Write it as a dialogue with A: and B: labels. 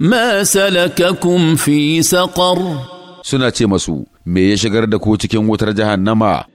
A: ما سلككم في سقر سنة مسو me ya shigar da ku cikin wutar jahannama